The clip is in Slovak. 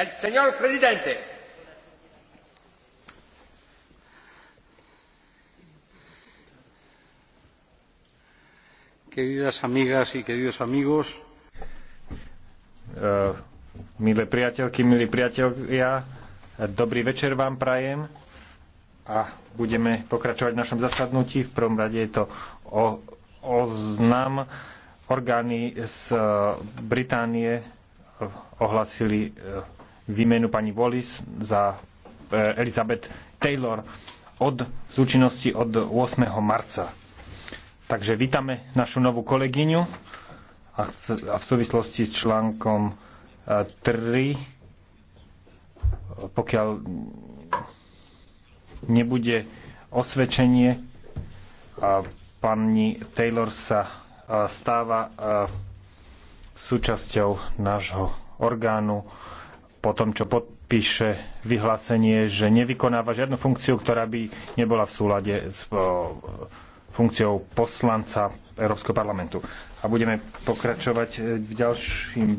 El señor presidente. Queridas amigas y queridos amigos. Uh, milé priateľky, milí priateľia, dobrý večer vám prajem a budeme pokračovať v našom zasadnutí. V prvom rade je to o, oznam. Orgány z eh, Británie eh, ohlasili výmenu pani Wallis za e, Elizabeth Taylor od súčinnosti od 8. marca. Takže vítame našu novú kolegyňu a v súvislosti s článkom 3, e, pokiaľ nebude osvedčenie, e, pani Taylor sa stáva súčasťou nášho orgánu po tom, čo podpíše vyhlásenie, že nevykonáva žiadnu funkciu, ktorá by nebola v súlade s funkciou poslanca Európskeho parlamentu. A budeme pokračovať e, v ďalším